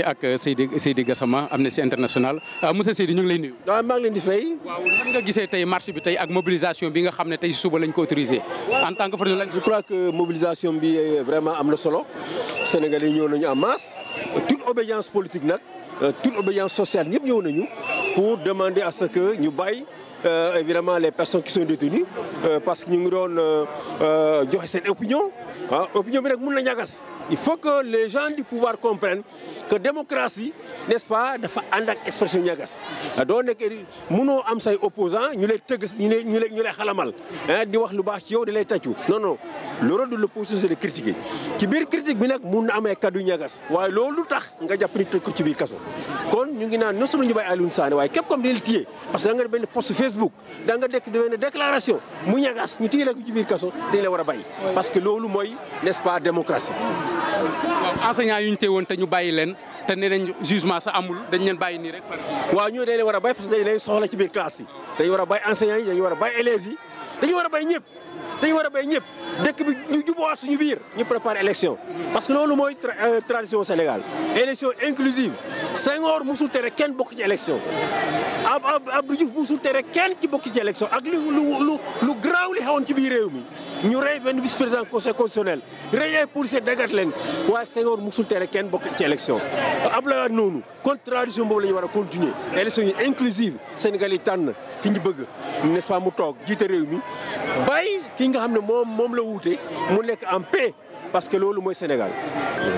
ak euh, Seydi Seydi Gassama Amnesty International euh, monsieur Seydi ñu ngi lay nuyu. waaw ah, maa ngi leen di fay. waaw nan nga gisee tey marche bi tey ak mobilisation bi nga xam ne tey suba lañ ko autorisé en tant que. je crois que mobilisation bi euh, vraiment am na solo Sénégalais yi ñëw nañu en masse toute obédience politique nag toute obédience sociale ñëpp ñëw nañu pour demander à ce que ñu bàyyi. Euh, évidemment les personnes qui sont détenues parce que ñu ngi doon joxe seen opinion ah opinion bi nag mun il faut que les gens du pouvoir comprennent que démocratie nest dafa ànd ak expression ñagas doo nekk mënoo am say opposant ñu lay tëgg ñu lay ñu lay ñu lay di wax lu baax ci yow di lay tàccu non non le rôle de l'opposition c'est de critiquer ci biir critique bi nag mun na amee kaddu ñagas waaye loolu tax nga jàpp ni tëj ko ci biir kaso kon ñu ngi naan non seulement ñu bàyyi Aliou Sané waaye képp comme dañu téye parce que da nga benn post Facebook da nga kaso dañ la war a bàyyi parce que loolu mooy n'est-ce pas enseignants yu ñu téewoon te ñu bàyyi leen te nee nañ jugement sax amul dañ leen bàyyi nii rek. waaw ñoo dañ leen war a bàyyi soxla ci biir classe yi dañu war a bàyyi enseignants yi dañu war a bàyyi dañu war a bàyyi dañu war a béy ñëpp dëkk bi ñu jubóowaat suñu biir ñu préparer élection parce que loolu mooy euh, tradition Sénégal élection inclusive Senghor musul tere kenn bokk ci élection ab ab Abdou Diouf musul tere kenn ci bokk ci élection ak lu lu lu garaaw li xewoon ci biir réew mi ñu rey benn vice président conseil constitutionnel rey ay policier dagat leen waaye Senghor musul tere kenn bokk ci élection Abdoulaye Wade noonu kon tradition boobu la ñu war a continuer élection yi inclusive Sénégal yi tànn ki ñu bëgg n'est-ce pas mu toog jiite réew mi ki nga xam ne moom moom la wuute mu nekk en pe parce que loolu mooy Sénégal.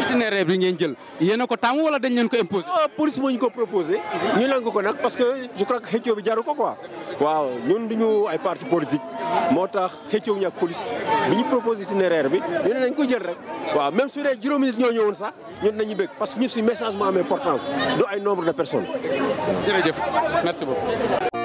itinéraire bi ngeen jël yéen a ko taamu wala dañ leen ko imposé. ah police moo ñu ko proposé. ñu nangu ko nag parce que je crois que xëccoo bi jaru ko quoi. waaw ñun duñu ay parti politique moo tax xëccoo ñu ak police bi ñu ne itinéraire bi ñu ne nañ ko jël rek. waaw même su dee juróomi nit ñoo ñëwoon sax ñun nañu bëgg parce que ñu si message moo am importance du ay nombre de personnes. jërëjëf merci beaucoup.